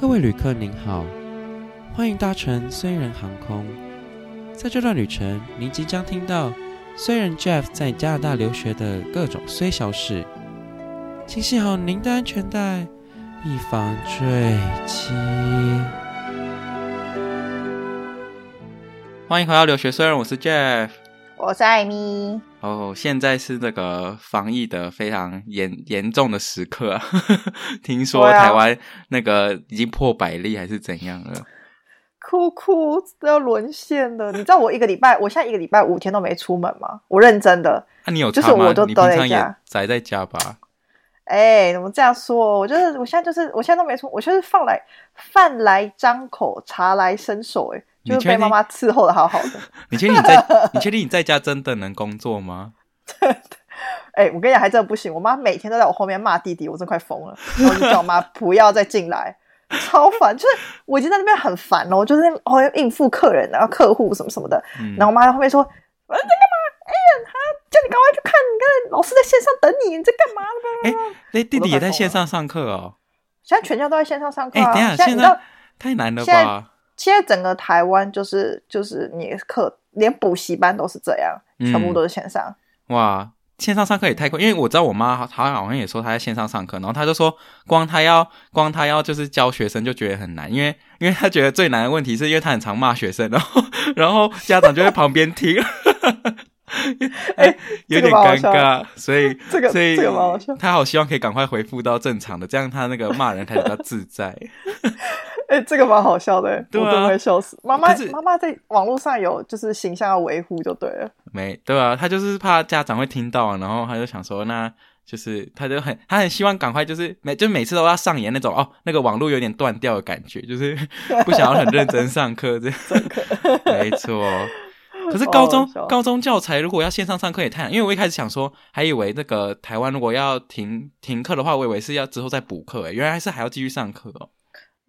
各位旅客您好，歡迎搭乘雖然航空。在這段旅程，您即將聽到雖然 Jeff 在加拿大留學的各種雖小事。請繫好您的安全帶，以防墜機。歡迎回到留學雖然，我是 Jeff，我是艾咪。哦，現在是那個防疫的非常嚴嚴重的時刻、啊呵呵，聽說台灣那個已經破百例還是怎樣了，啊、哭哭都要淪陷了。你知道我一個禮拜，我現在一個禮拜五天都沒出門嗎？我認真的。那、啊、你有就是我都待在家宅在家吧。哎、欸，怎麼這樣說？我就是，我現在就是我現在都沒出門，我就是放來飯來張口，茶來伸手、欸，被媽媽伺候的好好的。你確定？你在，你確定你在家真的能工作嗎？ 真的？哎、欸，我跟你講，還真的不行。我媽每天都在我後面罵弟弟，我真快瘋了。然後你叫我就叫媽不要再進來， 超煩。就是我已經在那邊很煩了，我就是哦應付客人然啊、客戶什麼什麼的。嗯、然後我媽在後面說：“欸、你在幹嘛？”哎、欸、呀，他叫你趕快去看，你看老師在線上等你，你在幹嘛呢？哎、欸欸，弟弟也在線上上課哦。現在全家都在線上上課、啊。哎、欸，等一下，現線上。太難了吧？現在整個台灣就是，就是你課，連補習班都是這樣，嗯、全部都是線上。哇，線上上課也太快，因為我知道我媽她好像也說她在線上上課，然後她就說，光她要，光她要就是教學生就覺得很難，因為因為她覺得最難的問題是因為她很常罵學生，然後然後家長就在旁邊聽， 欸、有點尷尬，這個這個、所以這個所以這個蠻好笑，她好希望可以趕快恢復到正常的，這樣她那個罵人才比較自在。 哎、欸，這個蠻好笑的，對啊、我都快笑死。媽媽，媽媽是在網絡上有就是形象要維護就對了，沒對吧、啊？他就是怕家長會聽到，然後他就想說，那就是他就很他很希望趕快就是每就每次都要上演那種哦，那個網絡有點斷掉的感覺，就是不想要很認真上課，這樣沒錯。可是高中、哦、高中教材如果要線上上課也太難……因為我一開始想說，還以為那個台灣如果要停停課的話，我以為是要之後再補課，原來是還要繼續上課哦、喔。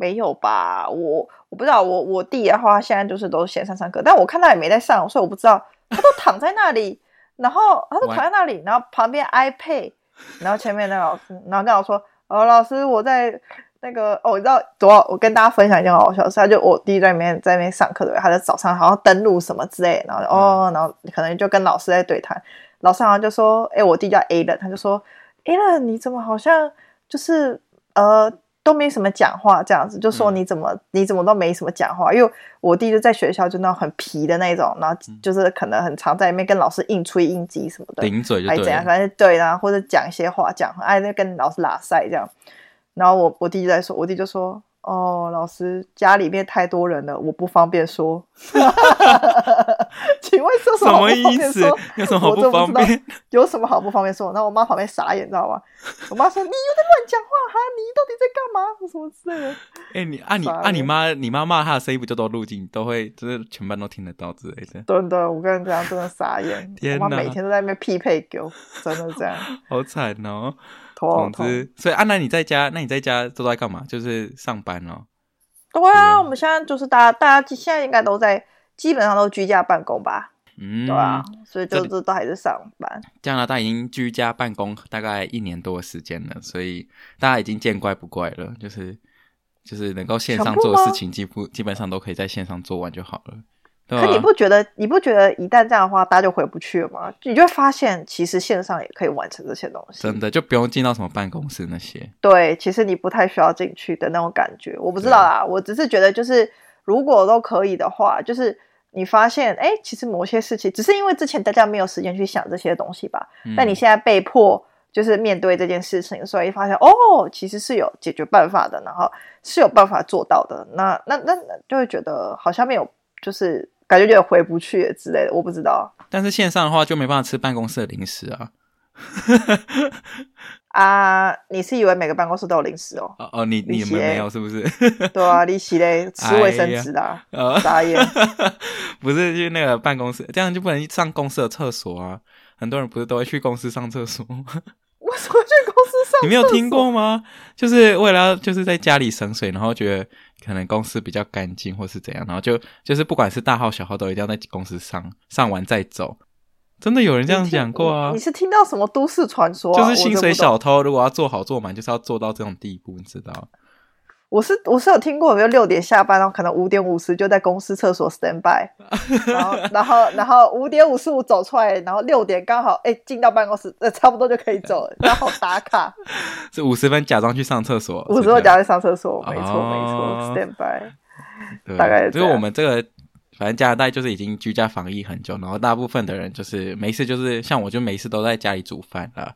沒有吧，我我不知道，我我弟的話，他現在就是都線上上課，但我看他也沒在上，所以我不知道，他都躺在那裡， 然後他都躺在那裡， 然後旁邊 iPad，然後前面的老師， 然後跟我說，哦、呃，老師我在那個哦，你知道，昨我跟大家分享一件好笑的事，他就我弟在那邊在那邊上課對吧？他在早上好像登錄什麼之類，然後、嗯、哦，然後可能就跟老師在對談，老師好像就說，哎，我弟叫 Alan 他就說 Alan，你怎麼好像就是呃。都沒什麼講話，這樣子就說你怎麼、嗯、你怎麼都沒什麼講話。因為我弟就在學校就那種很皮的那種，然後就是可能很常在裡面跟老師硬吹硬擠什麼的，頂嘴就還怎樣，反正對啦、啊，或者講一些話，講哎那、啊、跟老師喇賽這樣，然後我我弟就在說，我弟就說。哦，老師，家裡面太多人了，我不方便說。 請問是什說什麼意思？有什麼不方便？有什麼好不方便說？那我媽旁邊傻眼，你知道嗎？ 我媽說：“你又在亂講話哈，你到底在幹嘛？我什麼之類的？”哎、欸，你按、啊、你按眼、啊、你媽，你媽罵她的聲音不就都錄進，都會就是全班都聽得到之類的。對，對對，我跟你講，真的傻眼。 天哪我媽每天都在那邊匹配狗，真的這樣。好慘哦。」總之，所以安、啊、娜，你在家，那你在家都在幹嘛？就是上班哦。對啊，嗯、我們現在就是大家，大家現在應該都在，基本上都居家辦公吧。嗯，對啊，所以就是都還是上班。加拿大已經居家辦公大概一年多的時間了，所以大家已經見怪不怪了，就是就是能夠線上做的事情，幾乎基本上都可以在線上做完就好了。可你不覺得對吧你不覺得一旦這樣的話，大家就回不去了嗎？你就會發現，其實線上也可以完成這些東西。真的，就不用進到什麼辦公室那些。對，其實你不太需要進去的那種感覺。我不知道啦，對我只是覺得，就是如果都可以的話，就是你發現，哎，其實某些事情只是因為之前大家沒有時間去想這些東西吧。嗯、但你現在被迫就是面對這件事情，所以發現哦，其實是有解決辦法的，然後是有辦法做到的。那那那就會覺得好像沒有，就是。感覺有點回不去之類的，我不知道。但是線上的話就沒辦法吃辦公室的零食啊！啊 ，uh, 你是以為每個辦公室都有零食哦？哦、oh, oh，你是你們沒，沒有是不是？ 對啊，利息嘞，吃衛生紙的，打野不是，就那個辦公室，這樣就不能上公司的廁所啊！很多人不是都會去公司上廁所。 為什麼去公司上， 你沒有聽過嗎？就是為了要就是在家裡省水，然後覺得可能公司比較乾淨或是怎樣，然後就就是不管是大號小號都一定要在公司上，上完再走。真的有人這樣講過啊，你聽過，你是聽到什麼都市傳說啊？就是薪水小偷如果要做好做滿，就是要做到這種地步，你知道？我是我是有聽過，有沒有，六點下班，然後可能五點五十就在公司廁所 stand by， 然後然後然後五點五十五走出來，然後六點剛好哎、欸、進到辦公室，呃，差不多就可以走了，然後打卡。是五十分，假裝去上廁所，五十分假裝去上廁所，五十分假裝上廁所，沒錯、哦、沒錯，stand by 對。大概是，因為我們這個反正加拿大就是已經居家防疫很久，然後大部分的人就是沒事，就是像我就每次都在家裡煮飯了。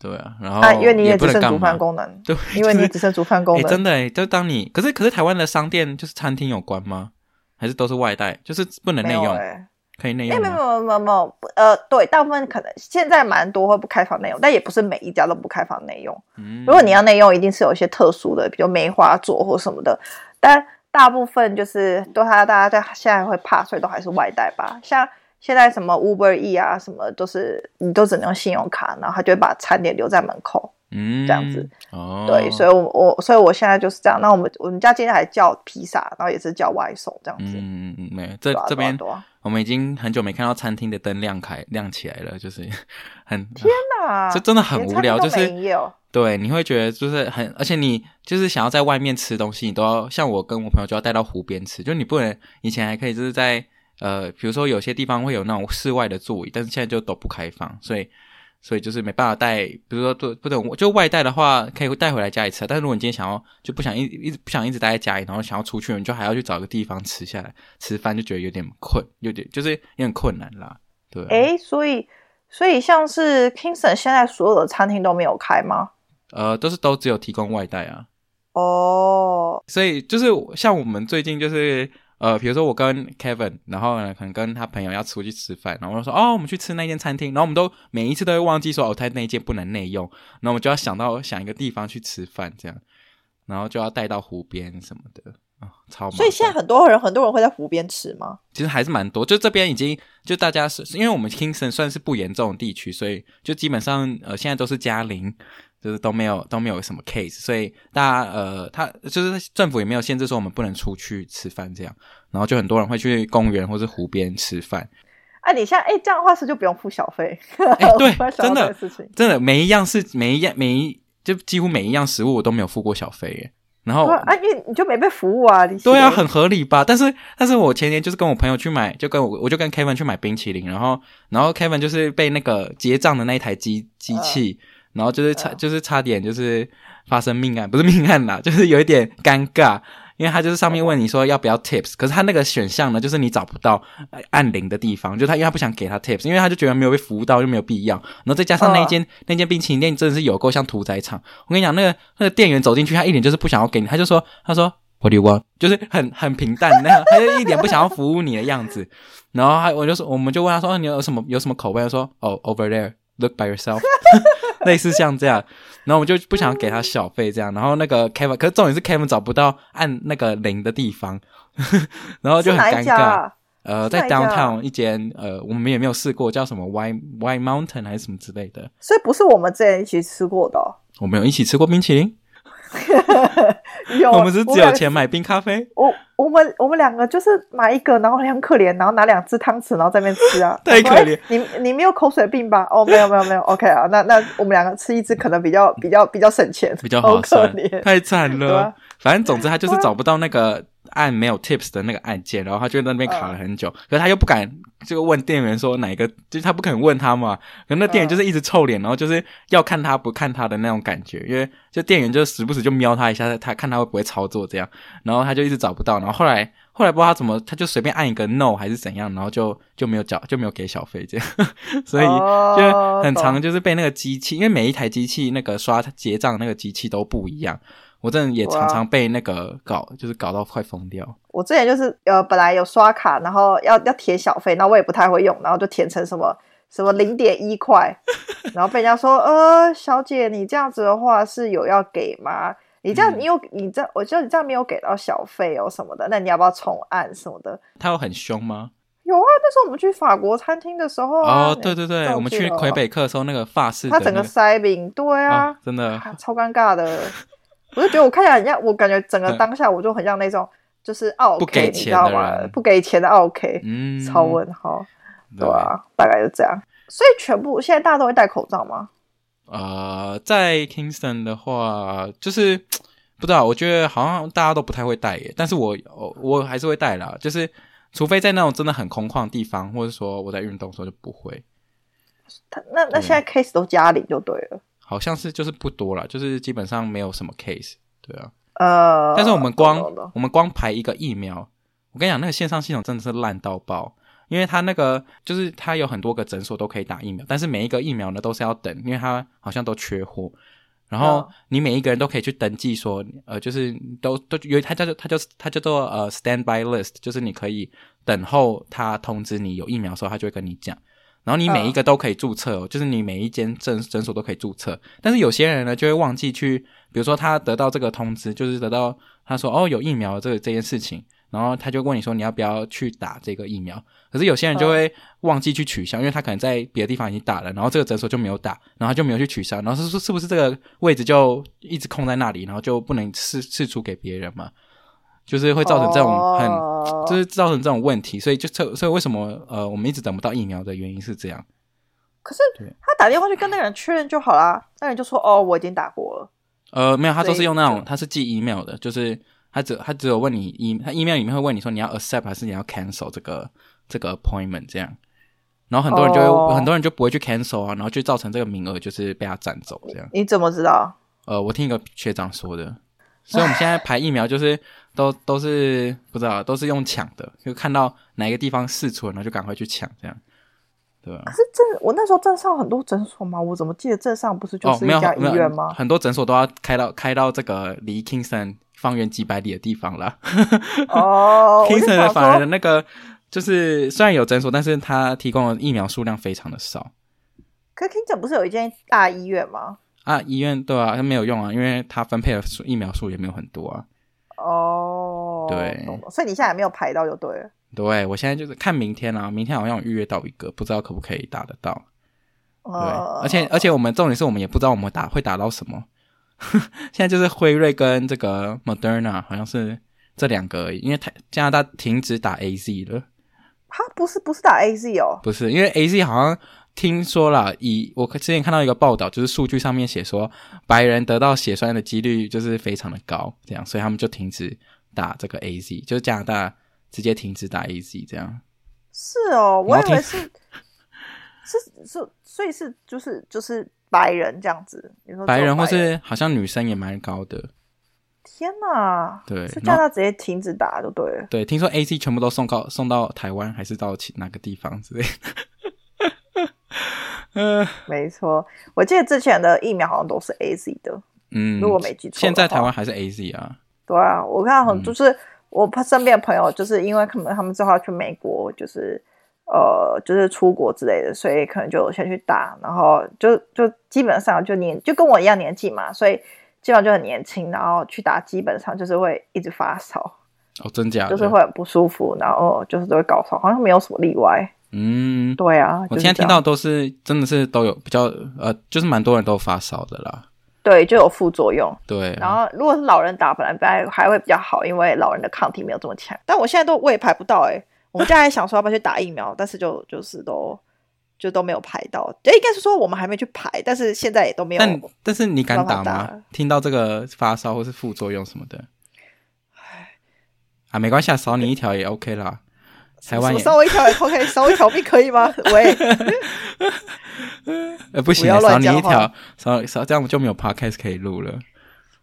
對啊，然後也不能幹嘛。因為你也只剩煮飯功能。對，因為你只剩煮飯功能。哎、就是欸，真的哎、欸，就當你可是可是台灣的商店就是餐廳有關嗎？還是都是外帶？就是不能內用？哎、欸，可以內用沒？沒有沒有沒有沒有，呃，對，大部分可能現在蠻多會不開放內用，但也不是每一家都不開放內用。嗯，如果你要內用，一定是有一些特殊的，比如梅花座或什麼的。但大部分就是都他，大家在現在會怕，所以都還是外帶吧。像。現在什麼 Uber E 啊，什麼都是你都只能用信用卡，然後他就會把餐點留在門口，嗯，這樣子，哦、對，所以我我所以我現在就是這樣。那我們我們家今天還叫披薩，然後也是叫外送、嗯、這樣子。嗯，沒有，這、啊、這邊我們已經很久沒看到餐廳的燈亮開亮起來了，就是很，天哪，這、啊、真的很無聊，營業哦、就是對，你會覺得就是很，而且你就是想要在外面吃東西，你都要像我跟我朋友就要帶到湖邊吃，就你不能以前還可以就是在。呃，比如說有些地方會有那種室外的座椅，但是現在就都不開放，所以所以就是沒辦法帶。比如說，不不等就外帶的話，可以帶回來家裡吃。但是如果你今天想要就不想一一直不想一直待在家裡，然後想要出去，你就還要去找個地方吃下來吃飯，就覺得有點困，有點就是有點困難啦。對、啊。誒、欸、所以所以像是 Kingston 現在所有的餐廳都沒有開嗎？呃，都是都只有提供外帶啊。哦。Oh. 所以就是像我們最近就是。呃，比如說我跟 Kevin，然後呢可能跟他朋友要出去吃飯，然後我就說，哦，我們去吃那間餐廳，然後我們都每一次都會忘記說，哦，他那一間不能內用。然後我們就要想到想一個地方去吃飯，這樣，然後就要帶到湖邊什麼的啊。哦，超。所以現在很多人很多人會在湖邊吃嗎？其實還是蠻多，就這邊已經就大家是因為我們 Kingston 算是不嚴重的地區，所以就基本上呃現在都是嘉陵。就是都沒有都沒有什麼 case，所以大家呃，他就是政府也沒有限制說我們不能出去吃飯這樣，然後就很多人會去公園或者湖邊吃飯。啊，你像哎、欸、這樣的話是就不用付小費、欸。對，真的真的每一樣是每一樣每一就幾乎每一樣食物我都沒有付過小費哎。然後啊，因為你就沒被服務啊，你對啊，很合理吧？但是但是我前天就是跟我朋友去買，就跟我我就跟 Kevin 去買冰淇淋，然後然後 Kevin 就是被那個結賬的那一台機機器。啊然後就是差，就是差點就是發生命案，不是命案啦，就是有一點尷尬，因為他就是上面問你說要不要 tips，可是他那個選項呢，就是你找不到按鈴的地方，就他因為他不想給他 tips，因為他就覺得沒有被服務到，就沒有必要。然後再加上那一間、oh. 那間冰淇淋店真的是有夠像屠宰場，我跟你講，那個那個店員走進去，他一點就是不想要給你，他就說他說 what do you want，就是很很平淡 那樣、個，他就一點不想要服務你的樣子。然後他我就說、是，我們就問他說、哦、你有什麼有什麼口味，他說哦、oh, over there。Look by yourself， 類似像這樣， 然後我們就不想要給他小費這樣，嗯、然後那個 Kevin，可是重點是 Kevin 找不到按那個零的地方， 然後就很尷尬。呃，在 Downtown 一間呃，我們也沒有試過叫什麼 Y Y Mountain 還是什麼之類的，所以不是我們之前一起吃過的、哦。我們有一起吃過冰淇淋。 有， 我們是只有錢買冰咖啡。我我,我們我們兩個就是買一個，然後很可憐，然後拿兩只湯匙，然後在那邊吃啊，太可憐。你你沒有口水病吧？ 哦，沒有沒有沒有，OK 啊。那那我們兩個吃一只，可能比較 比較比較省錢，比較好、哦、可憐，太慘了。 反正總之，他就是找不到那個。 按沒有 tips 的那個按鍵，然後他就在那邊卡了很久，oh. 可是他又不敢就問店員說哪個，就是他不肯問他嘛，可那店員就是一直臭臉，然後就是要看他不看他的那種感覺，因為就店員就時不時就瞄他一下，他看他會不會操作這樣，然後他就一直找不到，然後後來後來不知道他怎麼，他就隨便按一個 no 還是怎樣，然後就就沒有繳就沒有給小費這樣， 所以就很常就是被那個機器，因為每一台機器那個刷結賬那個機器都不一樣。我真的也常常被那個搞，啊、就是搞到快瘋掉。我之前就是呃，本來有刷卡，然後要要填小費，那我也不太會用，然後就填成什麼什麼零點一塊，然後被人家說 呃，小姐，你這樣子的話是有要給嗎？你這樣你有、嗯、你這樣，我覺得你這樣沒有給到小費哦、喔、什麼的，那你要不要重按什麼的？他有很凶嗎？有啊，那時候我們去法國餐廳的時候、啊、哦、欸、對對對，底我們去魁北克的時候那個法式、那個，他整個塞餅對啊，哦、真的、啊、超尷尬的。 我就覺得我看起來很像，我感覺整個當下我就很像那種就是奧客，不給錢你知道嗎？不給錢的奧客，嗯，超問號，對啊，對大概就這樣。所以全部現在大家都會戴口罩嗎？呃，在 Kingston 的話，就是不知道，我覺得好像大家都不太會戴耶。但是我我我還是會戴啦，就是除非在那種真的很空曠的地方，或者說我在運動的時候就不會。嗯、那那現在 case 都家裡就對了。好像是就是不多了，就是基本上沒有什麼 case。對啊，呃，uh，但是我們光 uh, uh, uh。我們光排一個疫苗，我跟你講，那個線上系統真的是爛到爆，因為它那個就是它有很多個診所都可以打疫苗，但是每一個疫苗呢都是要等，因為它好像都缺貨，然後你每一個人都可以去登記說，uh。呃，就是都都有，它叫做它它叫做、uh，呃 standby list，就是你可以等候他通知你有疫苗的時候，他就會跟你講。然後你每一個都可以註冊，哦，哦，就是你每一間診診所都可以註冊，但是有些人呢就會忘記去，比如說他得到這個通知，就是得到他說哦有疫苗這個這件事情，然後他就問你說你要不要去打這個疫苗，可是有些人就會忘記去取消，哦，因為他可能在別的地方已經打了，然後這個診所就沒有打，然後他就沒有去取消，然後是說是不是這個位置就一直空在那裡，然後就不能釋釋出給別人嘛。就是會造成這種很，oh. 就是造成這種問題，所以就這，所以為什麼呃我們一直等不到疫苗的原因是這樣。可是他打電話去跟那個人確認就好啦。那人就說，哦我已經打過了。呃沒有，他都是用那種，他是寄 email 的，就是他只他只有問你 email 裡面會問你說你要 accept 還是你要 cancel 這個這個 appointment 這樣。然後很多人就會、oh. 很多人就不會去 cancel 啊，然後就造成這個名額就是被他占走這樣。你怎麼知道？呃，我聽一個學長說的，所以我們現在排疫苗就是。 都都是不知道，都是用搶的，就看到哪一個地方釋出，然後就趕快去搶，這樣。對啊，可是鎮，我那時候鎮上很多診所嘛，我怎麼記得鎮上不是就是一家醫院嗎？哦、很多診所都要開到開到這個離 Kingston 方圓幾百里的地方了。哦 Kingston、oh, oh, oh, oh 反而，那個就是雖然有診所，但是他提供的疫苗數量非常的少。可 Kingston 不是有一間大醫院嗎？啊，醫院對啊，它沒有用啊，因為他分配的疫苗數也沒有很多啊。哦。Oh, oh. 對，oh, no, no. 所以你現在還沒有排到就對了？對，我現在就是看明天啊，明天好像預約到一個，不知道可不可以打得到。對，uh、而且而且我們重點是我們也不知道我們打會打到什麼。 現在就是輝瑞跟這個 Moderna，好像是這兩個而已，因為台，加拿大停止打 A Z 了。他、huh? 不是不是打 A Z 哦？不是，因為 A Z 好像聽說啦，以我之前看到一個報道，就是數據上面寫說白人得到血栓的幾率就是非常的高，這樣，所以他們就停止。打這個 AZ，就是加拿大直接停止打 AZ，這樣。是哦，我以為是是，是，是所以是就是就是白人這樣子。白人，或是好像女生也蠻高的。天哪、啊！對，是加拿大直接停止打就對了。對，聽說 AZ 全部都送到，送到台灣，還是到哪個地方之類的。嗯、 呃，沒錯，我記得之前的疫苗好像都是 AZ 的。嗯，如果沒記錯，現在台灣還是 AZ 啊。對啊，我看很就是我身邊的朋友，就是因為可能他們之後去美國，就是呃，就是出國之類的，所以可能就先去打，然後就就基本上就年就跟我一樣年紀嘛，所以基本上就很年輕，然後去打基本上就是會一直發燒。哦，真假的？就是會很不舒服，然後、呃、就是都會高燒，好像沒有什麼例外。嗯，對啊，就是、我現在聽到都是真的是都有比較呃，就是蠻多人都發燒的啦。對，就有副作用。對、啊，然後如果是老人打，本來本來會比較好，因為老人的抗體沒有這麼強。但我現在都我也排不到哎、欸，我們家還想說要不要去打疫苗， 但是就就是都就都沒有排到。哎、欸，應該是說我們還沒去排，但是現在也都沒有但。但但是你敢打嗎？打聽到這個發燒或是副作用什麼的，哎、啊，啊沒關係，少你一條也 OK 啦。台灣也，少我一條，拋開少我一條命可以嗎？喂， 欸、不行，亂講。一條，少少,少這樣我就沒有 p 開始可以錄了。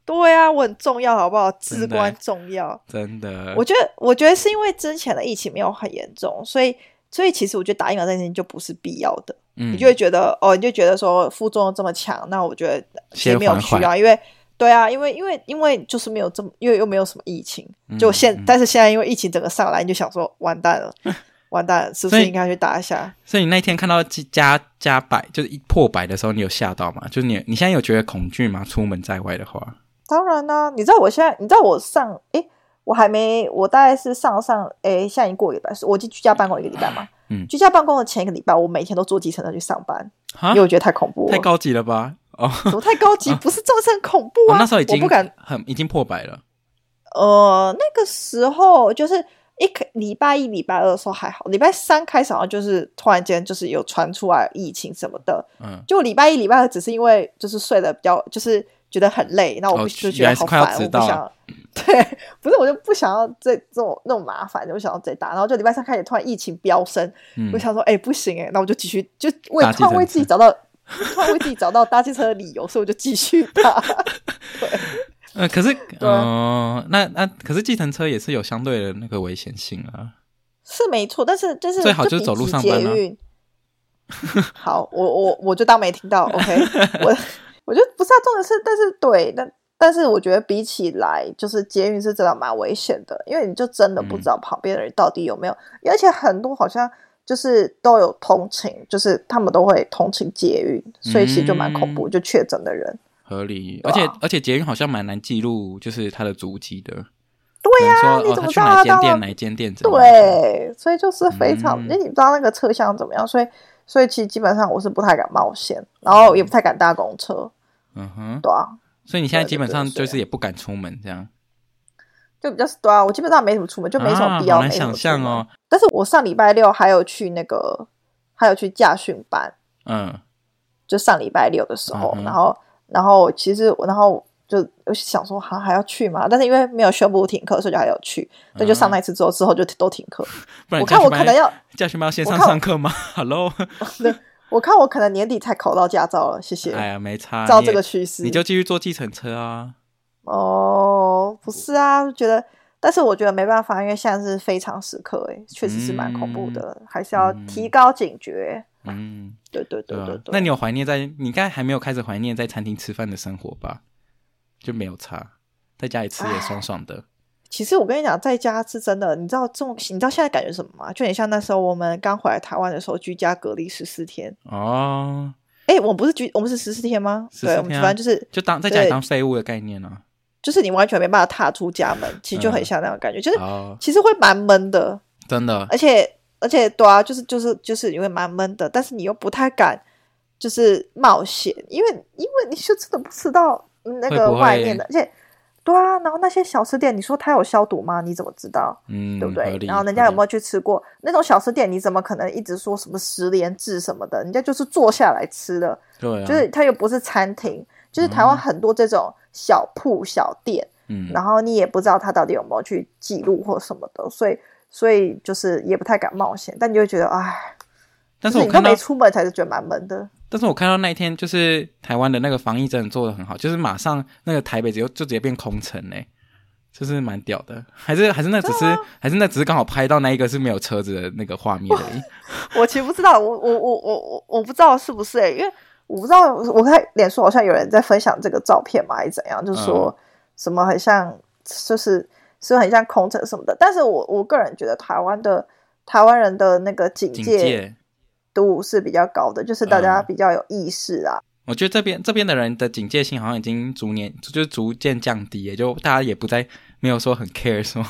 對啊，我很重要，好不好？至、欸、關重要。真的，我覺得，我覺得是因為之前的疫情沒有很嚴重，所以，所以其實我覺得打疫苗這件事情就不是必要的。嗯、你就會覺得，哦，你就覺得說副作用這麼強，那我覺得誰沒有需要、啊，因為。對啊，因為因為因為就是沒有這麼，因為又沒有什麼疫情，就現、嗯嗯、但是現在因為疫情整個上來，你就想說完蛋了，嗯、完蛋了，是不是應該去打一下？所以你那一天看到加加百就是一破百的時候，你有嚇到嗎？就是你你現在有覺得恐懼嗎？嗯、出門在外的話，當然啦、啊，你知道我現在，你知道我上哎，我還沒我大概是上上哎，現在已經過一個禮拜，我就居家辦公一個禮拜嘛，嗯，居家辦公的前一個禮拜，我每天都坐計程車去上班，嗯、因為我覺得太恐怖了，太高級了吧。哦，怎麼太高級，啊、不是造成恐怖啊、哦！那時候已經不敢很、嗯，已經破百了。呃，那個時候就是一禮拜一、禮拜二的時候還好，禮拜三開始好像就是突然間就是有傳出來疫情什麼的。嗯，就禮拜一、禮拜二只是因為就是睡得比較，就是覺得很累，然後我就覺得好煩，哦啊、我不想。對，不是我就不想要這這種那種麻煩，我想要再打。然後就禮拜三開始突然疫情飆升，嗯、我想說，哎、欸，不行哎，那我就繼續就突然為自己找到。他會 自己找到搭汽車的理由，所以我就繼續搭。對，呃，可是，哦、啊呃，那那可是計程車也是有相對的那個危險性啊。是沒錯，但是就是最好就是走路上班嗎、啊？運嗯、好，我我我就當沒聽到。 OK，我我覺得不是他、啊、重點是，但是對，但但是我覺得比起來，就是捷運是真的蠻危險的，因為你就真的不知道旁邊的人到底有沒有，嗯、而且很多好像。就是都有通勤，就是他們都會通勤捷運，所以其實就蠻恐怖，就確診的人合理。而且而且捷運好像蠻難記錄，就是他的足跡的。對啊，你怎麼知道去哪間店哪間店？對，所以就是非常，你不知道那個車廂怎麼樣？所以所以其實基本上我是不太敢冒險，然後也不太敢搭公車。嗯哼，對啊。所以你現在基本上就是也不敢出門這樣。就比較少，我基本上沒什麼出門，就沒什麼必要。啊、想象哦。但是我上禮拜六還有去那個，還有去駕訓班。嗯，就上禮拜六的時候，嗯嗯然後，然後其實我，然後我就想說還、啊、還要去嘛，但是因為沒有宣布停課，所以就還有去。那、嗯、就上那一次之後，之後就都停課。不然、我看我可能要駕訓班要先上上課嗎？Hello，我看我可能年底才考到駕照了。謝謝。哎呀，沒差，照這個趨勢，你就繼續坐計程車啊。哦，不是啊，覺得，但是我覺得沒辦法，因為現在是非常時刻，哎，確實是蠻恐怖的，嗯、還是要提高警覺。嗯，對對對對，對，對，對、啊、那你有懷念在你應該還沒有開始懷念在餐廳吃飯的生活吧？就沒有差，在家裡吃也爽爽的。啊、其實我跟你講，在家是真的，你知道，這種，你知道現在感覺什麼嗎？就很像那時候我們剛回來台灣的時候，居家隔離十四天。哦，哎、欸，我們不是居，我們是十四天嗎？天啊、對，我們反正就是就當在家裡當廢物的概念呢、啊。就是你完全沒辦法踏出家門，其實就很像那種感覺，嗯、就是、哦、其實會蠻悶的，真的。而且而且，對啊，就是就是就是因為蠻悶的，但是你又不太敢就是冒險，因為因為你就真的不知道那個外面的，會不會欸，而且對啊，然後那些小吃店，你說它有消毒嗎？你怎麼知道？嗯，對不對？合理，然後人家有沒有去吃過合理，那種小吃店？你怎麼可能一直說什麼實聯制什麼的？人家就是坐下來吃的，對、啊，就是它又不是餐廳。就是台灣很多這種小鋪小店，嗯，然後你也不知道他到底有沒有去記錄或什麼的，所以所以就是也不太敢冒險，但你就覺得哎，唉但是，你都沒出門才是覺得蠻悶的。但是我看到那一天，就是台灣的那個防疫真的做得很好，就是馬上那個台北就，就直接變空城嘞、欸，就是蠻屌的。還是還是那只是、啊、還是那只是剛好拍到那一個是沒有車子的那個畫面而已我。我其實不知道， 我我我我我我不知道是不是哎、欸，因為。我不知道，我看臉書好像有人在分享這個照片嘛，還是怎樣？就說什麼很像，嗯、就是是很像空城什麼的。但是我我個人覺得台灣，台灣的台灣人的那個警戒度，是比較高的，警戒。就是大家比較有意識啊。嗯我覺得這邊這邊的人的警戒性，好像已經逐年，就是逐漸降低，也就大家也不再沒有說很 care 說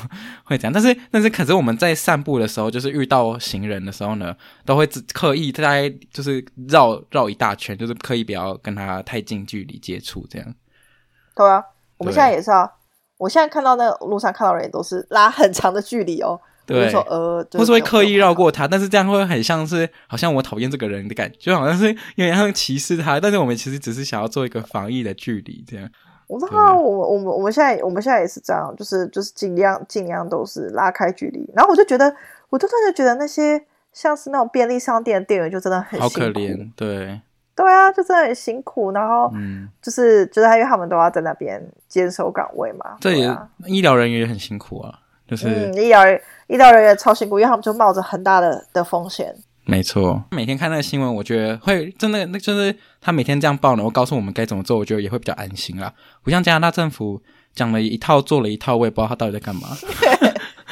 會這樣。但是但是，可是我們在散步的時候，就是遇到行人的時候呢，都會只刻意在就是繞繞一大圈，就是刻意不要跟他太近距離接觸，這樣。對啊，我們現在也是啊，對我現在看到那路上看到的人都是拉很長的距離哦。對，呃，就是、或是會刻意繞過他，但是這樣會很像是，好像我討厭這個人的感覺，就好像是有點像歧視他。但是我們其實只是想要做一個防疫的距離，這樣。我知道我對我，我、我、我們現在，我們現在也是這樣，就是就是盡量盡量都是拉開距離。然後我就覺得，我就真的覺得那些像是那種便利商店的店員就真的很辛苦，好可憐，對，對啊，就真的很辛苦。然後，就是就是，嗯、就是因為他們都要在那邊堅守崗位嘛。以對呀、啊，醫療人員也很辛苦啊。就是，醫療醫療人員超辛苦，因為他們就冒着很大的的風險。沒錯，每天看那個新聞，我覺得會真的，那就是他每天這樣報然後告訴我們該怎麼做，我覺得也會比較安心啦。不像加拿大政府講了一套，做了一套，我也不知道他到底在幹嘛。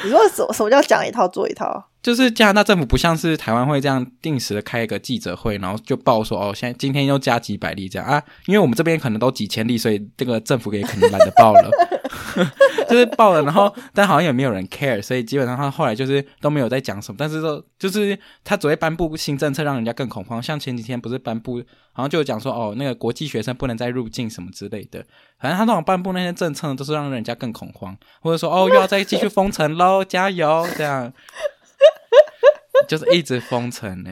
你說什麼什麼叫講一套做一套？就是加拿大政府不像是台灣會這樣定時的開一個記者會，然後就報說哦，現在今天又加幾百例這樣啊，因為我們這邊可能都幾千例，所以這個政府也可能懶得報了。 就是爆了，然後但好像也沒有人 care，所以基本上他後來就是都沒有在講什麼。但是說就是他只會頒布新政策，讓人家更恐慌。像前幾天不是頒布，好像就有講說哦，那個國際學生不能再入境什麼之類的。反正他那種頒布那些政策，都是讓人家更恐慌，或者說哦又要再繼續封城嘍， 加油這樣。就是一直封城呢。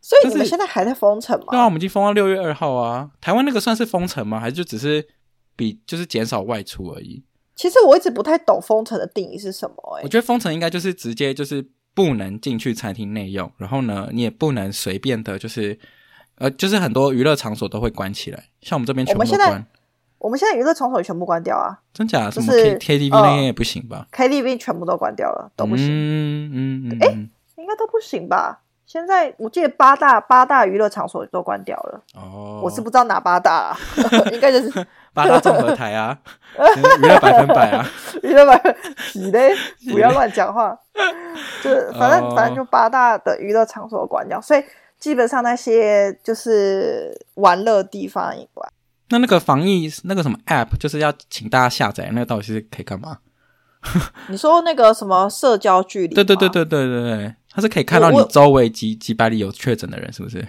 所以怎麼現在還在封城嘛。對啊，我們已經封到六月二號啊。台灣那個算是封城嗎？還是就只是？比就是減少外出而已。其實我一直不太懂封城的定義是什麼？哎、欸。我覺得封城應該就是直接就是不能進去餐廳內用，然後呢，你也不能隨便的，就是呃，就是很多娛樂場所都會關起來。像我們這邊，全部都關。我們現在，我們現在娛樂場所也全部關掉啊。真假？就是 KTV 那邊也不行吧？呃，KTV 全部都關掉了，都不行。嗯嗯。哎、嗯嗯嗯欸，應該都不行吧？現在我記得八大八大娛樂場所都關掉了哦，oh. 我是不知道哪八大，啊， 應該就是 八大綜合台啊，娛樂 百分百啊，娛樂 百分，你嘞，嘞不要亂講話， 就是反正，oh. 反正就八大的娛樂場所關掉，所以基本上那些就是玩樂地方以外。那那個防疫那個什麼 App 就是要請大家下載，那個到底是可以幹嘛？ 你說那個什麼社交距離？對對，對對對對對對對。他是可以看到你周圍幾幾百里有確診的人，是不是？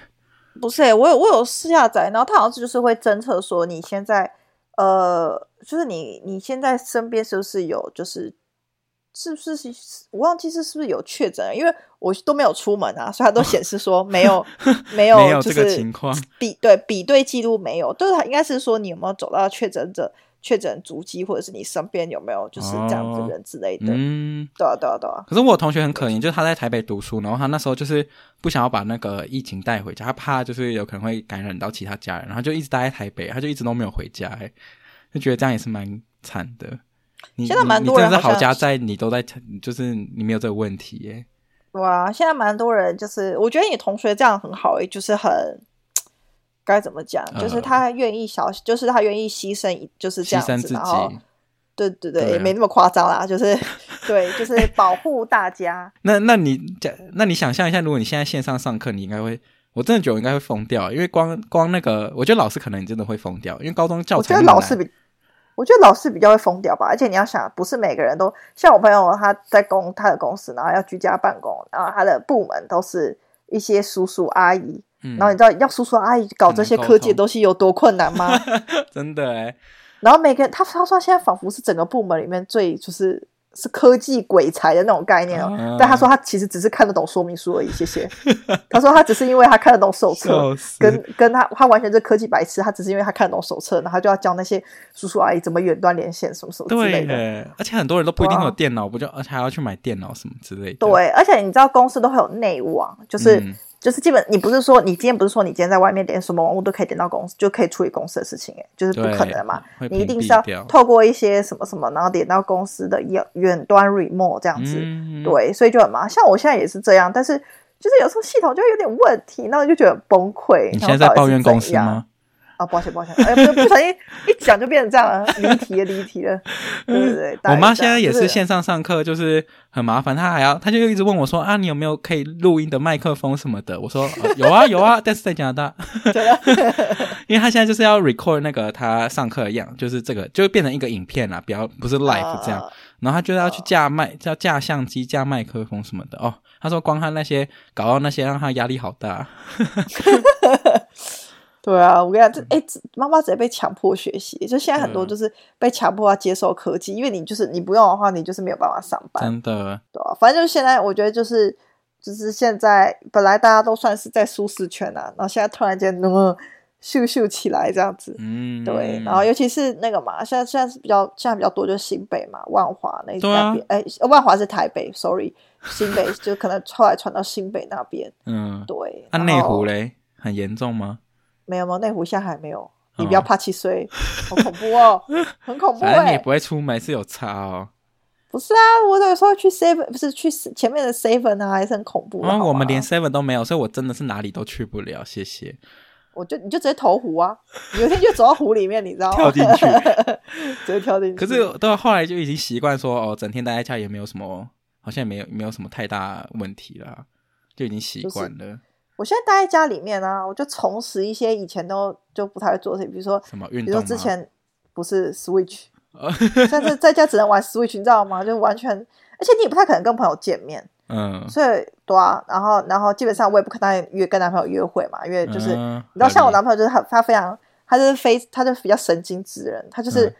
不是，欸，我有我有下載，然後他好像是就是會偵測說，你現在呃，就是你你現在身邊是不是有，就是是不是是，我忘記是是不是有確診？因為我都沒有出門啊，所以他都顯示說沒有， 沒有， 沒有這個情況。比對比對記錄沒有，就是他應該是說你有沒有走到確診者。確診足跡，或者是你身邊有沒有就是這樣的人之類的？哦、嗯，對啊，對啊，對啊。可是我同學很可憐，是就是他在台北讀書，然後他那時候就是不想要把那個疫情帶回家，他怕就是有可能會感染到其他家人，然後就一直待在台北，他就一直都沒有回家，哎，就覺得這樣也是蠻慘的。你現在蠻多人好，你真的是好家在，你都在就是你沒有這個問題耶，哎，對啊，現在蠻多人就是，我覺得你同學這樣很好，哎，就是很。該怎麼講？就是他願意小，呃、就是他願意犧牲，就是這樣子。犧牲自己然後，對對對，對啊、也沒那麼誇張啦，就是 對，就是保護大家。那那你講，那你想象一下，如果你現在線上上課，你應該會，我真的覺得我應該會瘋掉，因為光光那個，我覺得老師可能真的會瘋掉，因為高中教材我覺得老師比，我覺得老師比較會瘋掉吧。而且你要想，不是每個人都像我朋友，他在公他的公司，然後要居家辦公，然後他的部門都是一些叔叔阿姨。然後你知道要叔叔阿姨搞這些科技的東西有多困難嗎？嗯、難 真的哎、欸。然後每個人他他說他現在仿佛是整個部門裡面最就是是科技鬼才的那種概念、哦啊、但他說他其實只是看得懂說明書而已。謝謝。 他說他只是因為他看得懂手冊，死跟跟他他完全是科技白痴。他只是因為他看得懂手冊，然後他就要教那些叔叔阿姨怎麼遠端連線什麼什麼之類的、欸。而且很多人都不一定有電腦，啊、不就而且還要去買電腦什麼之類的。對，而且你知道公司都會有內網，就是。嗯就是基本，你不是說你今天不是說你今天在外面點什麼網，我都可以點到公司就可以處理公司的事情哎，就是不可能嘛，你一定是要透過一些什麼什麼，然後點到公司的遠端 remote 這樣子，對，所以就很麻煩。像我現在也是這樣，但是就是有時候系統就會有點問題，那我就覺得崩潰。你現在在抱怨公司嗎？啊、哦，抱歉抱歉，哎，不，不小心一講就變成這樣了，離題離題了，對對。嗯、 我媽現在也是線上上課，就是很麻煩，她還要她就一直問我說啊，你有沒有可以錄音的麥克風什麼的？我說有啊、哦、有啊，有啊 但是在加拿大，對啊，因為他現在就是要 record 那個他上課一樣，就是這個就變成一個影片啊，比較不是 live 這樣，啊、然後她就要去架麥，叫架相機、架麥克風什麼的。哦，她說光看那些搞到那些讓她壓力好大。 對啊，我跟你講，這、欸、哎，媽媽直接被強迫學習，就現在很多就是被強迫要接受科技，因為你就是你不用的話，你就是沒有辦法上班。真的，對、啊，反正就是現在，我覺得就是就是現在本來大家都算是在舒適圈啊，然後現在突然間那麼秀秀起來這樣子，嗯，對。然後尤其是那個嘛，現在現在是比較現在比較多，就是新北嘛，萬華那邊，哎、啊欸，萬華是台北，sorry，新北 就可能後來傳到新北那邊，嗯，對。那內、啊、湖嘞，很嚴重嗎？沒有沒有，那湖下還沒有，你不要怕汽水，哦、好恐怖哦， 很恐怖、欸。反、啊、你不會出門是有差哦。不是啊，我有時候去 seven 不是去前面的 seven 啊，還是很恐怖的。那、哦、吧我們連 seven 都沒有，所以我真的是哪裡都去不了。謝謝。我就你就直接投湖啊，有一天就走到湖裡面， 你知道嗎？跳進去， 直接跳進去。可是到後來就已經習慣說，哦，整天待在家也沒有什麼，好像也沒有也沒有什麼太大問題啦、啊，就已經習慣了。我現在待在家裡面啊，我就重拾一些以前都就不太會做的事情，比如說什麼運動嘛，比如說之前不是 Switch， 但是在家只能玩 Switch，你知道嗎？就完全，而且你也不太可能跟朋友見面，嗯，所以對啊，然後然後基本上我也不可能約跟男朋友約會嘛，因為就是你知道，嗯、像我男朋友就是他他非常，他就是非他就比較神經質人，他就是、嗯、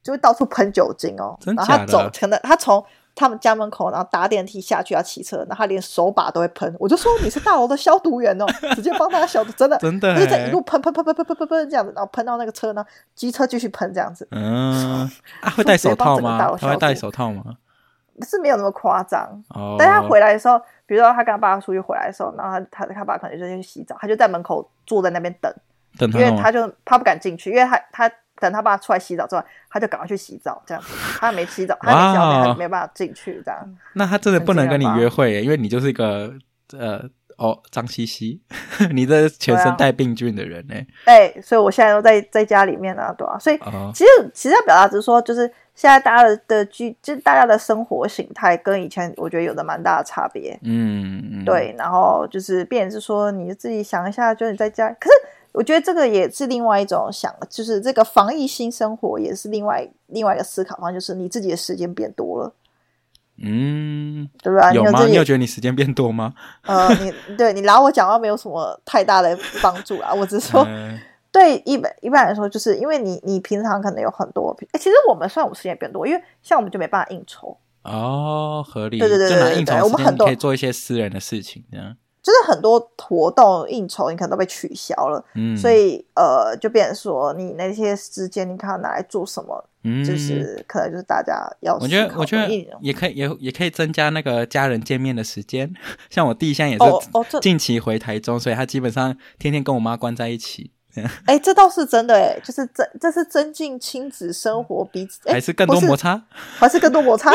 就會到處噴酒精哦，真的然後他走，可能他從。他們家門口，然後搭電梯下去要騎車，然後他連手把都會噴，我就說你是大樓的消毒員哦、喔， 直接幫他消毒，真的真的、欸，他就在一路噴噴噴噴噴噴噴噴這樣子，然後噴到那個車呢，機車繼續噴這樣子。嗯，什麼、啊、會戴手套嗎？我他會戴手套嗎？是沒有那麼誇張，哦、但他回來的時候，比如說他跟他爸爸出去回來的時候，然後他他他爸可能就先去洗澡，他就在門口坐在那邊等，等他，因為他就他不敢進去，因為他他。等他爸出來洗澡之後，他就趕快去洗澡，這樣子，他沒洗澡，oh. 他沒洗澡，他就沒辦法進去，這樣。那他真的不能跟你約會，欸，因為你就是一個呃哦，髒兮兮，你的全身帶病菌的人哎，欸。哎，啊，所以我現在都在在家裡面啊，對啊。所以，oh. 其實，其實要表達就是說，就是現在大家的的居，就是大家的生活形態跟以前我覺得有的蠻大的差別。嗯，mm，hmm. 對。然後就是，變成是說你自己想一下，就是你在家，可是。我覺得這個也是另外一種想，就是這個防疫新生活也是另外另外一個思考方，就是你自己的時間變多了，嗯，對不吧對？有嗎？你，你有覺得你時間變多嗎？呃，你對你拿我講話沒有什麼太大的幫助啦。 我只是說，呃、對一般一般來說，就是因為你你平常可能有很多，其實我們算我們時間變多，因為像我們就沒辦法應酬哦，合理對對對，對，對，對，對應酬的對我們很多可以做一些私人的事情這樣。就是很多活動應酬，你可能都被取消了，嗯，所以呃、就變成說你那些時間，你看拿來做什麼？嗯，就是可能就是大家要我覺得我覺得也可以也也可以增加那個家人見面的時間。像我弟現在也是近期回台中，哦哦、所以他基本上天天跟我媽關在一起。哎、欸，這倒是真的。哎、欸，就是這，這是增進親子生活彼此，欸、還是更多摩擦？是 還是更多摩擦？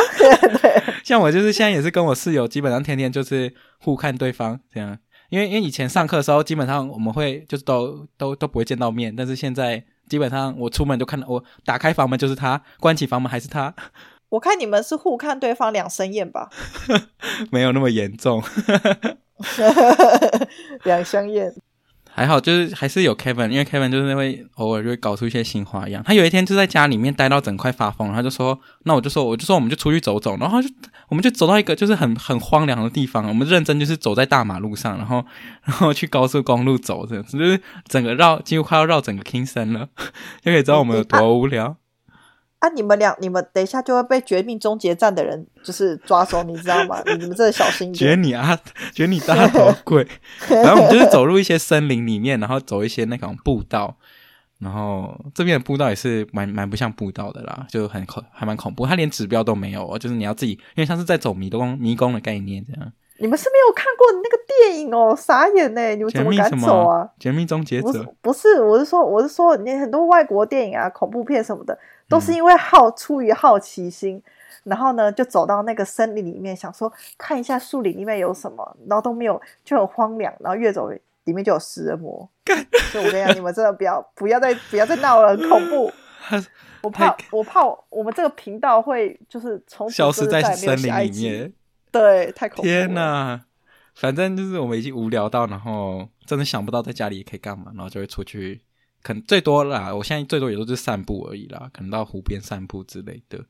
對 像我就是現在也是跟我室友，基本上天天就是互看對方這樣，因為因為以前上課的時候，基本上我們會就是都都都不會見到面，但是現在基本上我出門就看到我打開房門就是他，關起房門還是他。我看你們是互看對方兩生厭吧？ 沒有那麼嚴重，兩 相厭。還好，就是還是有 Kevin，因為 Kevin 就是那會偶爾就會搞出一些新花樣。他有一天就在家裡面待到整塊發瘋，他就說：“那我就說，我就說，我們就出去走走。”然後就我們就走到一個就是很很荒涼的地方，我們認真就是走在大馬路上，然後然後去高速公路走，這樣子就是整個繞幾乎快要繞整個 Kingston 了， 就可以知道我們有多無聊。那你們兩，你們等一下就會被絕命終結站的人就是抓走，你知道嗎？你們真的小心一點。絕 你啊！絕你大頭鬼！ 然後我們就是走入一些森林裡面，然後走一些那種步道，然後這邊的步道也是蠻蠻不像步道的啦，就很恐，還蠻恐怖，它連指標都沒有，哦，就是你要自己，因為像是在走迷宮，迷宮的概念這樣。你們是沒有看過那個？電影哦，傻眼呢！你們怎麼敢走啊？揭秘終結者？不是，不是，我是說，我是說，你很多外國電影啊，恐怖片什麼的，都是因為好出於好奇心，嗯、然後呢，就走到那個森林裡面，想說看一下樹林裡面有什麼，然後都沒有，就很荒涼，然後越走裡面就有食人魔。所以乾我跟你講，你們真的不要不要再不要再鬧了，很恐怖！太我怕我怕，太我怕我們這個頻道會就是從消失在森林裡面。對，太恐怖了！天哪、啊！反正就是我們已經無聊到，然後真的想不到在家裡也可以幹嘛，然後就會出去。可能最多啦，我現在最多也都是散步而已啦，可能到湖邊散步之類的。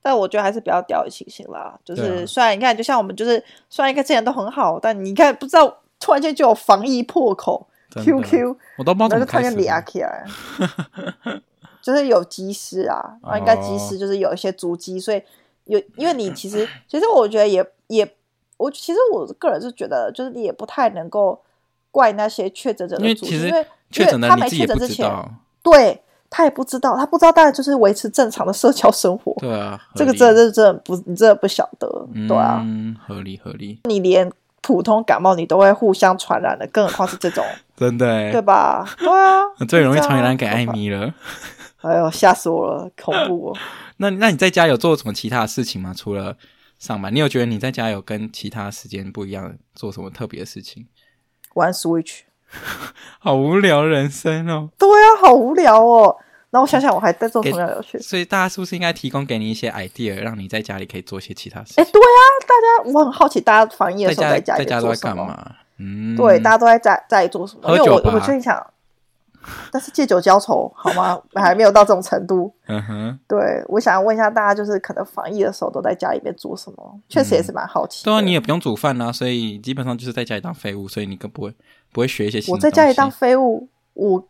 但我覺得還是比較掉以輕心啦。就是、啊、雖然你看，就像我們就是雖然一個之前都很好，但你看不知道突然間就有防疫破口。的 Q Q，我都幫。你後看見李亞克， 就是有機師啊，那、哦、應該及時就是有一些足跡，所以有因為你其實 其實我覺得也也。我其實我個人是覺得，就是你也不太能夠怪那些確診者的，因為其實為他沒確診之前，對他也不知道，他不知道大家就是維持正常的社交生活。對啊，這個真的真的不，你真的不曉得，嗯、對啊，合理合理。你連普通感冒你都會互相傳染的，更何況是這種， 真的、欸、對吧？對啊， 最容易傳染給艾咪了。 哎呦，嚇死我了，恐怖！ 那你那你在家有做什麼其他的事情嗎？除了？上班，你有覺得你在家有跟其他時間不一樣，做什麼特別的事情？玩 Switch， 好無聊人生哦。對啊，好無聊哦。那我想想，我還在做什麼有趣？所以大家是不是應該提供給你一些 idea，讓你在家裡可以做些其他事情？誒、欸、對啊，大家我很好奇，大家防疫的時候在家裡在,家在家都在幹嘛,嘛？嗯，對，大家都在在在做什麼？因為我我最近想。但是借酒澆愁，好嗎？ 還沒有到這種程度。嗯哼。對，我想要問一下大家，就是可能防疫的時候都在家裡面做什麼？確、嗯、實也是蠻好奇。對啊，你也不用煮飯啦、啊，所以基本上就是在家裡當廢物，所以你更不會不會學一些。我在家裡當廢物，我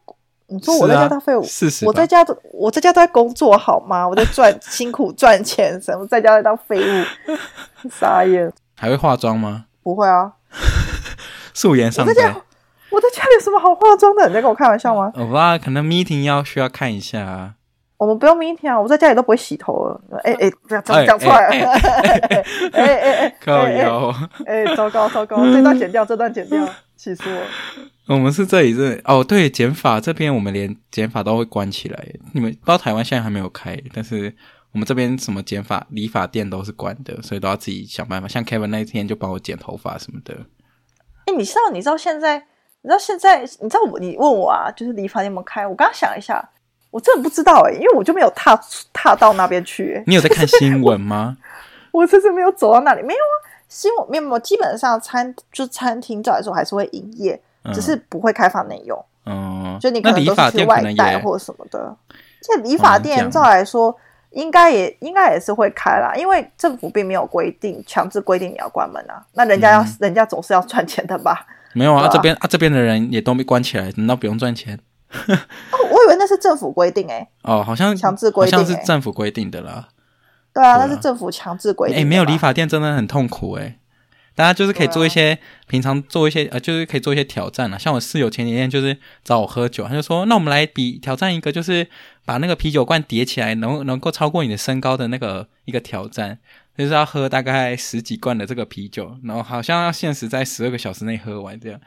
你說我在家當廢物是、啊，是是。我在家都我在家都在工作，好嗎？我在賺 辛苦賺錢什麼，我在家裡當廢物，傻 眼。還會化妝嗎？不會啊， 素顏上街。我在家裡有什麼好化妝的？你在跟我開玩笑嗎？哇，可能 meeting 要需要看一下啊。我們不用 meeting 啊，我在家裡都不會洗頭。哎哎，不要講出來。哎哎哎，糟糕！哎糟糕糟糕，這段剪掉，這段剪掉，氣死我。我們是這裡是哦，對，剪髮這邊我們連剪髮都會關起來。你們到台灣現在還沒有開，但是我們這邊什麼剪髮理髮店都是關的，所以都要自己想辦法。像 Kevin 那一天就幫我剪頭髮什麼的。哎，你知道？你知道現在？你知道現在？你知道我？你問我啊，就是理髮店有沒有開？我剛剛想了一下，我真的不知道哎、欸，因為我就沒有踏踏到那邊去、欸。你有在看新聞嗎？ 我？我真的沒有走到那裡，沒有啊。新聞面膜基本上餐，就餐廳照來說還是會營業，嗯、只是不會開放內用。嗯，就你可能都是吃外帶或者什麼的。這理髮店，店照來說。應該也應該也是會開啦，因為政府並沒有規定，強制規定你要關門啊。那人家要、嗯、人家總是要賺錢的吧？沒有啊，啊啊這邊啊這邊的人也都沒關起來，難道不用賺錢 哦？我以為那是政府規定哎、欸。哦，好像強制規定、欸、好像是政府規定的啦。對啊，對啊，那是政府強制規定。哎、欸，沒有理髮店真的很痛苦哎、欸。大家就是可以做一些、啊、平常做一些呃，就是可以做一些挑戰啊。像我室友前幾天就是找我喝酒，他就說：“那我們來比挑戰一個就是。”把那個啤酒罐疊起來，能能夠超過你的身高的那個一個挑戰，就是要喝大概十幾罐的這個啤酒，然後好像要限時在十二個小時內喝完這樣，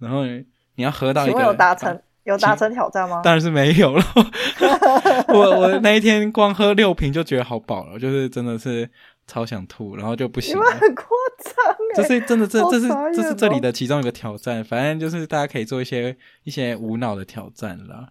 然後你要喝到一個有達成把有達成挑戰嗎？當然是沒有了， 我我那一天光喝六瓶就覺得好飽了，就是真的是超想吐，然後就不行了。你們很誇張，欸，這是真的，這這是這是這裡的其中一個挑戰，反正就是大家可以做一些一些無腦的挑戰啦。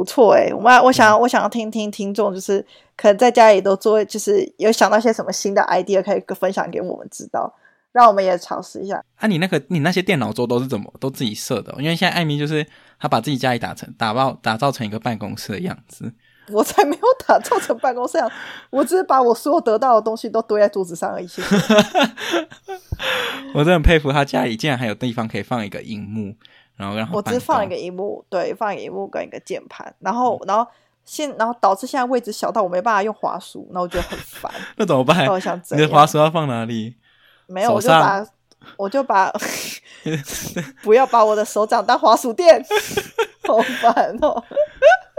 不錯哎，我想我想我想要聽聽聽眾，就是可能在家裡都做，就是有想到一些什麼新的 idea，可以分享給我們知道，讓我們也嘗試一下。啊，你那個你那些電腦桌都是怎麼都自己設的哦？因為現在艾咪就是他把自己家裡打成打造打造成一個辦公室的樣子。我才沒有打造成辦公室樣， 我只是把我所有得到的東西都堆在桌子上而已。我真的很佩服他家裡竟然還有地方可以放一個熒幕。然後然後我只是放一個螢幕，對，放一個螢幕跟一個鍵盤，然後，哦、然後現，然後導致現在位置小到我沒辦法用滑鼠，那我覺得很煩。 那怎麼辦？我想你的滑鼠要放哪裡？沒有，上我就把，我就把， 不要把我的手掌當滑鼠墊，好煩哦。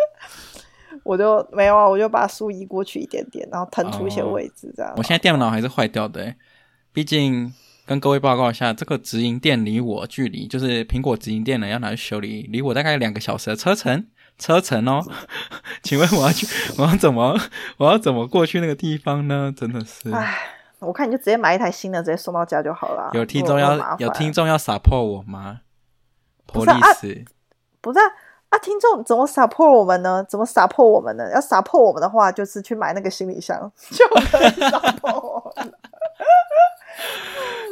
我就沒有啊，我就把書移過去一點點，然後騰出一些位置，哦、這樣、啊。我現在電腦還是壞掉的，畢竟。跟各位報告一下，這個直營店離我距離就是蘋果直營店呢，要拿去修理，離我大概兩個小時的車程，車程哦。 請問我要去，我要怎麼，我要怎麼過去那個地方呢？真的是，哎，我看你就直接買一台新的，直接送到家就好了。有聽眾要，有聽眾要 support 我嗎？不是啊，啊，不是啊，啊，聽眾怎麼 support 我們呢？怎麼 support 我們呢？要 support 我們的話，就是去買那個行李箱就可以 support 我們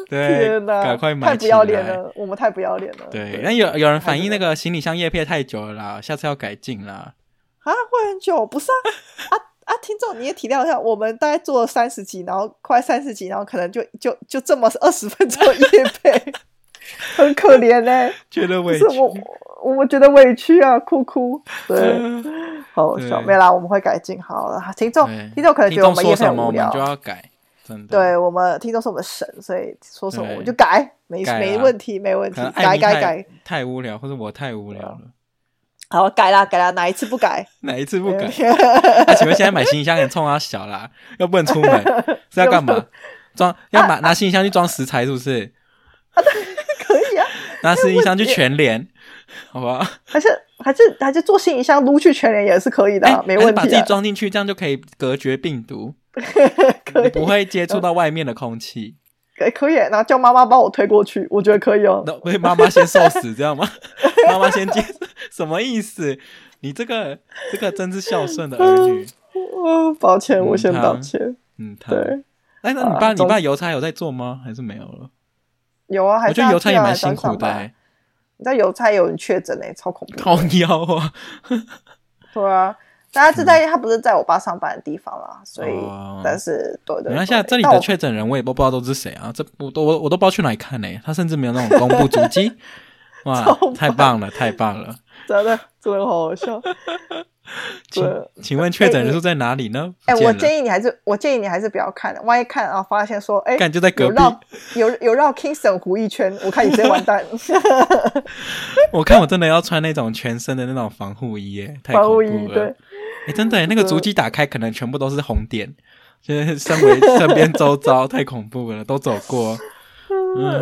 對，趕快買起來，天哪，太不要臉了，我們太不要臉了。對，那有有人反映那個行李箱業配太久了啦，下次要改進了。啊，會很久？不是啊，啊啊！聽眾你也體諒一下，我們大概做了三十集，然後快三十集，然後可能就就就這麼二十分鐘的業配。很可憐呢。覺得委屈，我我覺得委屈啊，哭哭。對，好，小妹啦，我們會改進好了。聽眾，聽眾可能覺得我們說什麼，無聊，就要改。對我們聽到是我們神，所以說什麼我就改，沒沒問題，沒問題，改改改。太無聊，或者我太無聊了。好，改啦，改啦，哪一次不改？哪一次不改？那請問現在買行李箱給你衝啊，小啦，又不能出門，是要幹嘛？裝要拿拿行李箱去裝食材，是不是？啊，可以啊，拿行李箱去全聯，好吧？還是？還是還是做行李箱擼去全臉也是可以的、啊，欸、沒問題、啊。把自己裝進去，這樣就可以隔絕病毒， 可以你不會接觸到外面的空氣。哎，、欸，可以，那叫媽媽幫我推過去，我覺得可以哦、喔。那不媽媽先受死這樣嗎？媽媽 先接，什麼意思？你這個這個真是孝順的兒女。哦， 抱歉，我先道歉。嗯，嗯對。哎，、欸，那你爸、啊、你爸郵差有在做嗎？還是沒有了？有啊，我覺得郵差也蠻辛苦的、欸。在郵差，有人確診嘞，超恐怖！好妖啊！對啊，大家是在、嗯、他不是在我爸上班的地方啦，所以、呃、但是對，對對。你看現在這裡的確診人，我也不不知道都是誰啊，我這我都我我都不知道去哪裡看呢、欸。他甚至沒有那種公布足跡， 哇，棒太棒了，太棒了， 真的真的好，好笑。 請請問確診人數在哪裡呢？哎、欸了欸，我建議你還是我建議你還是不要看，萬一看啊，然後發現說哎、欸，就在隔壁，有繞有、有繞 Kingston 湖一圈，我看你直接完蛋。 我看我真的要穿那種全身的那種防護衣，哎，防護衣，對，哎、欸，真的，那個足跡打開可能全部都是紅點，現在 身為身邊周遭太恐怖了，都走過，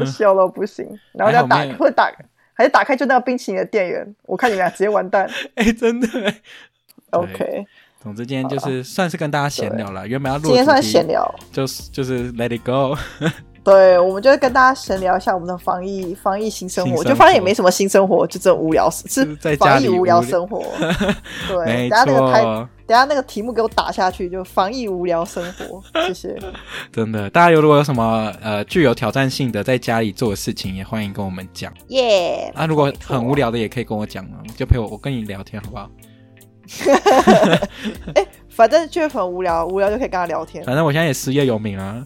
笑到、嗯、不行。然後要打會打還是打開就那個冰淇淋的店員，我看你倆直接完蛋。哎、欸，真的。對 OK，總之今天就是算是跟大家閒聊了。啊、原本要錄，今天算閒聊，就是就是 Let it go。 對，我們就是跟大家閒聊一下我們的防疫防疫新生活，生活就發現也沒什麼新生活，就這種無聊是防疫無聊生活。對，錯等下那個台，等下那個題目給我打下去，就防疫無聊生活，謝謝。真的，大家有如果有什麼呃具有挑戰性的在家裡做的事情，也歡迎跟我們講。耶，那如果很無聊的也可以跟我講了、啊，就陪我，我跟你聊天好不好？哎，反正就很無聊，無聊就可以跟他聊天。反正我現在也失業遊民啊，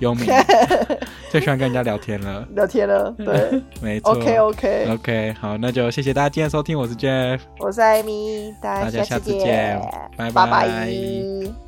遊民 最喜歡跟人家聊天了，聊天了，對，沒錯。OK，OK，OK，好，那就謝謝大家今天的收聽，我是 Jeff，我是 Amy，大家下次見，次見，拜拜。拜拜。